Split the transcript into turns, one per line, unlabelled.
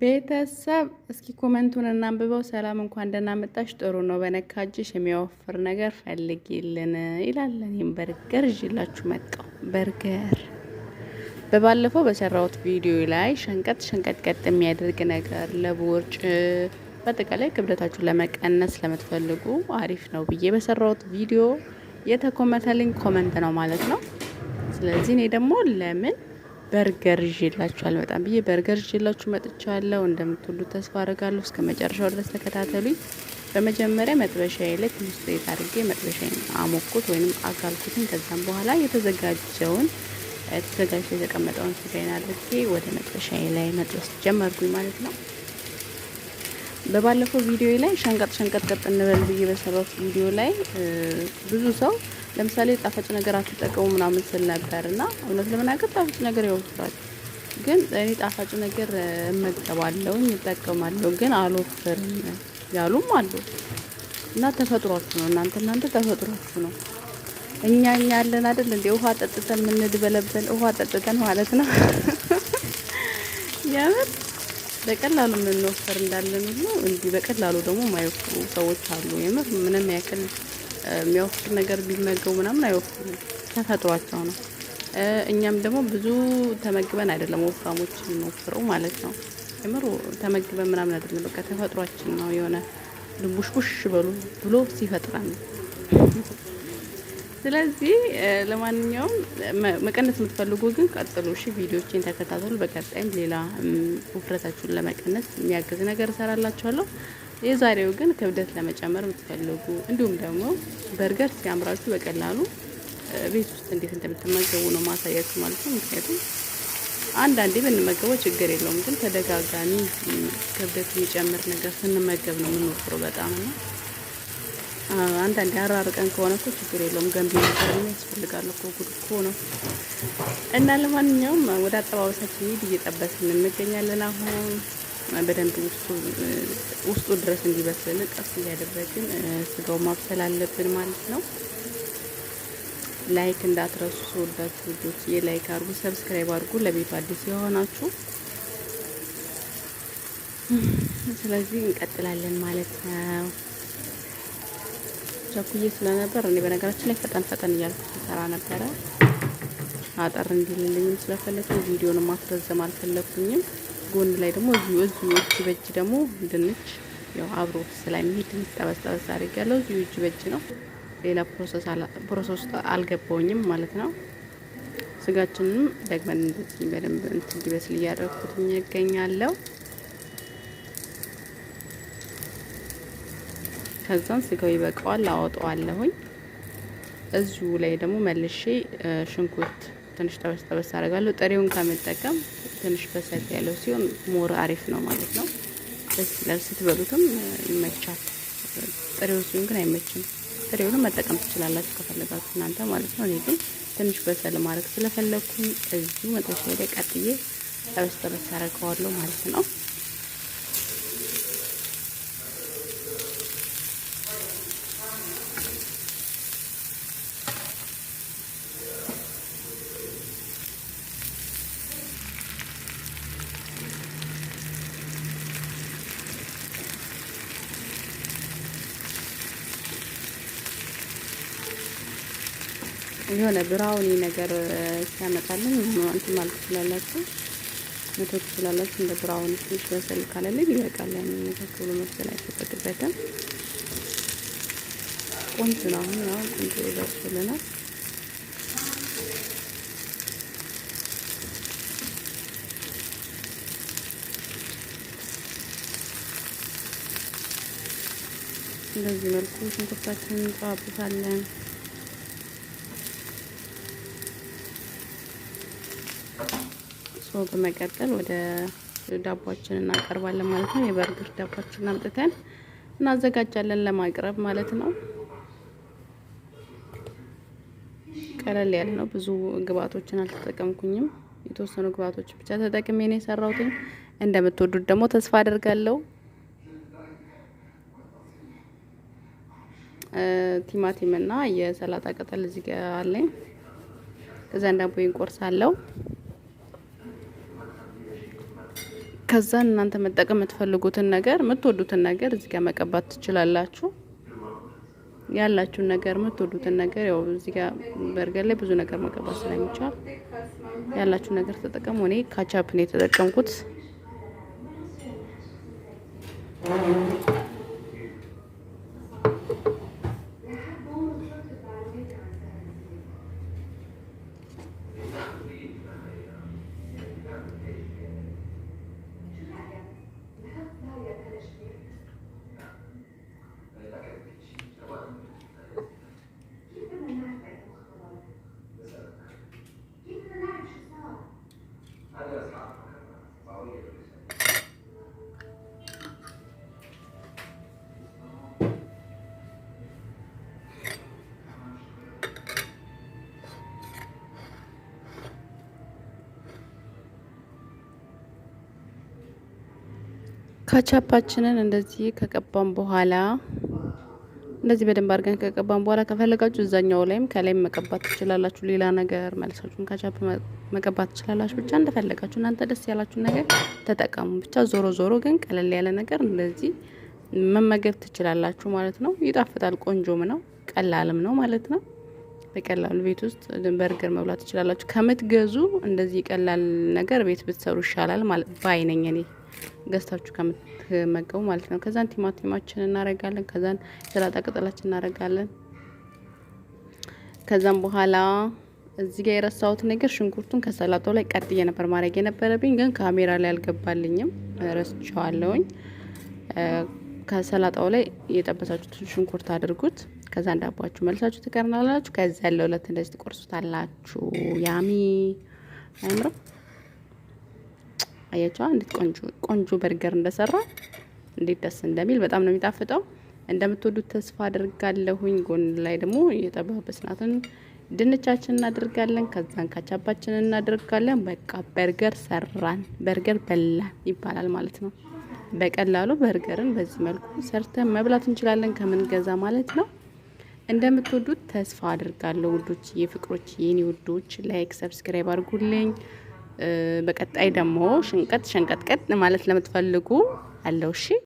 ቤተሰብ እስኪ ኮመንቱን እናንብበው። ሰላም እንኳን ደህና መጣሽ፣ ጥሩ ነው በነካጅሽ የሚያወፍር ነገር ፈልጊልን ይላል። እኔም በርገር ይዤላችሁ መጣሁ። በርገር በባለፈው በሰራሁት ቪዲዮ ላይ ሸንቀጥ ሸንቀጥ ቀጥ የሚያደርግ ነገር ለቦርጭ፣ በአጠቃላይ ክብደታችሁን ለመቀነስ ለምትፈልጉ አሪፍ ነው ብዬ በሰራሁት ቪዲዮ የተኮመተልኝ ኮመንት ነው ማለት ነው። ስለዚህ እኔ ደግሞ ለምን በርገር ይዤላችኋል በጣም ብዬ በርገር ይዤላችሁ መጥቻለሁ። እንደምትሉ ተስፋ አድርጋለሁ። እስከ መጨረሻው ድረስ ተከታተሉኝ። በመጀመሪያ መጥበሻዬ ላይ ትንሽ ዘይት አድርጌ መጥበሻዬን አሞኩት ወይም አጋልኩትን። ከዛም በኋላ የተዘጋጀውን ተዘጋጅቶ የተቀመጠውን ስጋዬን አድርጌ ወደ መጥበሻዬ ላይ መጥበስ ጀመርኩኝ ማለት ነው። በባለፈው ቪዲዮ ላይ ሸንቀጥ ሸንቀጥ ቀጥ እንበል ብዬ በሰራሁት ቪዲዮ ላይ ብዙ ሰው ለምሳሌ ጣፋጭ ነገር አትጠቀሙ ምናምን ስል ነበር እና እውነት ለመናገር ጣፋጭ ነገር ያወፍራል። ግን እኔ ጣፋጭ ነገር እመገባለሁ፣ እጠቀማለሁ፣ ግን አልወፍርም ያሉም አሉ እና ተፈጥሯችሁ ነው እናንተ እናንተ ተፈጥሯችሁ ነው። እኛ እኛ ያለን አይደል እንዴ ውሃ ጠጥተን የምንድበለበል ውሃ ጠጥተን ማለት ነው የምር በቀላሉ የምንወፈር እንዳለን ሁሉ እንዲህ በቀላሉ ደግሞ የማይወፍሩ ሰዎች አሉ። የምር ምንም ያክል የሚያወፍር ነገር ቢመገቡ ምናምን አይወፍሩ፣ ተፈጥሯቸው ነው። እኛም ደግሞ ብዙ ተመግበን አይደለም ወፍራሞች የምንወፍረው ማለት ነው። የምር ተመግበን ምናምን አይደለም፣ በቃ ተፈጥሯችን ነው። የሆነ ድንቡሽቡሽ በሉ ብሎ ሲፈጥረን ነው ስለዚህ ለማንኛውም መቀነስ የምትፈልጉ ግን ቀጥሉ፣ እሺ ቪዲዮችን ተከታተሉ። በቀጣይም ሌላ ውፍረታችሁን ለመቀነስ የሚያግዝ ነገር እሰራላችኋለሁ። የዛሬው ግን ክብደት ለመጨመር የምትፈልጉ እንዲሁም ደግሞ በርገር ሲያምራችሁ በቀላሉ ቤት ውስጥ እንዴት እንደምትመገቡ ነው ማሳያችሁ ማለት ነው። ምክንያቱም አንዳንዴ ብንመገበው ችግር የለውም፣ ግን ተደጋጋሚ ክብደት የሚጨምር ነገር ስንመገብ ነው የምንወፍረው በጣም ነው። አንዳንዴ አራርቀን ከሆነ እኮ ችግር የለውም። ገንቢ ነገር ያስፈልጋል እኮ ጉድ እኮ ነው። እና ለማንኛውም ወደ አጠባበሳችን ሂድ እየጠበስን እንገኛለን። አሁን በደንብ ውስጡ ድረስ እንዲበስልን ቀስ እያደረግን ስጋው ማብሰል አለብን ማለት ነው። ላይክ እንዳትረሱ ሰወዳችሁ ልጆች፣ የላይክ አድርጉ፣ ሰብስክራይብ አድርጉ ለቤቱ አዲስ የሆናችሁ ስለዚህ እንቀጥላለን ማለት ነው። ቸኩዬ ስለነበር እኔ በነገራችን ላይ ፈጠን ፈጠን እያልኩ ሰራ ነበረ። አጠር እንዲልልኝም ስለፈለኩኝ ቪዲዮን ማስረዘም አልፈለኩኝም። ጎን ላይ ደግሞ እዚሁ እዚሁ እጅ በእጅ ደግሞ ድንች ያው አብሮ ስለሚሄድ ድንች ጠበስ ጠበስ አድርጊያለሁ። እዚሁ እጅ በእጅ ነው። ሌላ ፕሮሰስ አልገባውኝም ማለት ነው። ስጋችንም ደግመን እንደዚህ በደንብ እንትን ይበስል እያደረኩትኝ ይገኛለሁ። ከዛን ስጋው ይበቃዋል፣ አወጣዋለሁኝ። እዚሁ ላይ ደግሞ መልሼ ሽንኩርት ትንሽ ጠበስ ጠበስ አደርጋለሁ። ጥሬውን ከመጠቀም ትንሽ በሰል ያለው ሲሆን ሞር አሪፍ ነው ማለት ነው። ደስ ይላል፣ ስትበሉትም ይመቻል። ጥሬው ሲሆን ግን አይመችም። ጥሬውንም መጠቀም ትችላላችሁ ከፈለጋችሁ እናንተ ማለት ነው። እኔ ግን ትንሽ በሰል ማድረግ ስለፈለግኩኝ እዚሁ መጥበሻ ላይ ቀጥዬ ጠበስ ጠበስ አደርገዋለሁ ማለት ነው። የሆነ ብራውኒ ነገር ሲያመጣልን እንትን ማለት ትችላላችሁ፣ መቶ ትችላላችሁ። እንደ ብራውኒ ትንሽ በሰል ካለልኝ ይበቃል። ያንን ነገር ቶሎ መብሰል አይጠበቅበትም። ቆንጆ ነው። አሁን ያው ቆንጆ ይበስልናል። እንደዚህ መልኩ ሽንኩርታችንን እንጠባብሳለን። በመቀጠል ወደ ዳቧችን እናቀርባለን ማለት ነው። የበርገር ዳቧችን አምጥተን እናዘጋጃለን ለማቅረብ ማለት ነው። ቀለል ያለ ነው። ብዙ ግብአቶችን አልተጠቀምኩኝም። የተወሰኑ ግብአቶች ብቻ ተጠቅሜ ነው የሰራሁት። እንደምትወዱት ደግሞ ተስፋ አደርጋለሁ። ቲማቲምና የሰላጣ ቅጠል እዚህ ጋር አለኝ። ከዛ እንዳቦ ይንቆርሳለሁ ከዛ እናንተ መጠቀም የምትፈልጉትን ነገር የምትወዱትን ነገር እዚህ ጋር መቀባት ትችላላችሁ። ያላችሁን ነገር የምትወዱትን ነገር ያው እዚህ ጋር በርገር ላይ ብዙ ነገር መቀባት ስለሚቻል ያላችሁን ነገር ተጠቀሙ። እኔ ካቻፕ ነው የተጠቀምኩት። ካቻፓችንን እንደዚህ ከቀባን በኋላ እንደዚህ በደንብ አድርገን ከቀባን በኋላ ከፈለጋችሁ እዛኛው ላይም ከላይም መቀባት ትችላላችሁ። ሌላ ነገር መልሳችሁን ካቻፕ መቀባት ትችላላችሁ። ብቻ እንደፈለጋችሁ እናንተ ደስ ያላችሁ ነገር ተጠቀሙ። ብቻ ዞሮ ዞሮ ግን ቀለል ያለ ነገር እንደዚህ መመገብ ትችላላችሁ ማለት ነው። ይጣፍጣል፣ ቆንጆም ነው፣ ቀላልም ነው ማለት ነው። በቀላሉ ቤት ውስጥ በርገር መብላት ትችላላችሁ። ከምትገዙ እንደዚህ ቀላል ነገር ቤት ብትሰሩ ይሻላል ማለት ባይነኝ እኔ። ገዝታችሁ ከምትመገቡ ማለት ነው። ከዛን ቲማቲማችን እናረጋለን። ከዛን ሰላጣ ቅጠላችን እናረጋለን። ከዛም በኋላ እዚህ ጋር የረሳሁት ነገር ሽንኩርቱን ከሰላጣው ላይ ቀጥዬ ነበር ማድረግ የነበረብኝ፣ ግን ካሜራ ላይ አልገባልኝም፣ ረስቸዋለውኝ። ከሰላጣው ላይ የጠበሳችሁትን ሽንኩርት አድርጉት። ከዛ እንዳባችሁ መልሳችሁ ትቀርናላችሁ። ከዚ ያለ ለት እንደዚህ ትቆርሱታላችሁ። ያሚ አይምርም? አያቸዋ እንዴት ቆንጆ ቆንጆ በርገር እንደሰራ እንዴት ደስ እንደሚል በጣም ነው የሚጣፍጠው። እንደምትወዱት ተስፋ አድርጋለሁኝ። ጎን ላይ ደግሞ የጠባበስናትን ድንቻችን እናደርጋለን። ከዛን ካቻባችን እናደርጋለን። በቃ በርገር ሰራን፣ በርገር በላን ይባላል ማለት ነው። በቀላሉ በርገርን በዚህ መልኩ ሰርተን መብላት እንችላለን ከምንገዛ ማለት ነው። እንደምትወዱት ተስፋ አድርጋለሁ ውዶች የፍቅሮች የኔ ውዶች ላይክ፣ ሰብስክራይብ አድርጉልኝ። በቀጣይ ደግሞ ሽንቀጥ ሸንቀጥቀጥ ማለት ለምትፈልጉ አለው እሺ።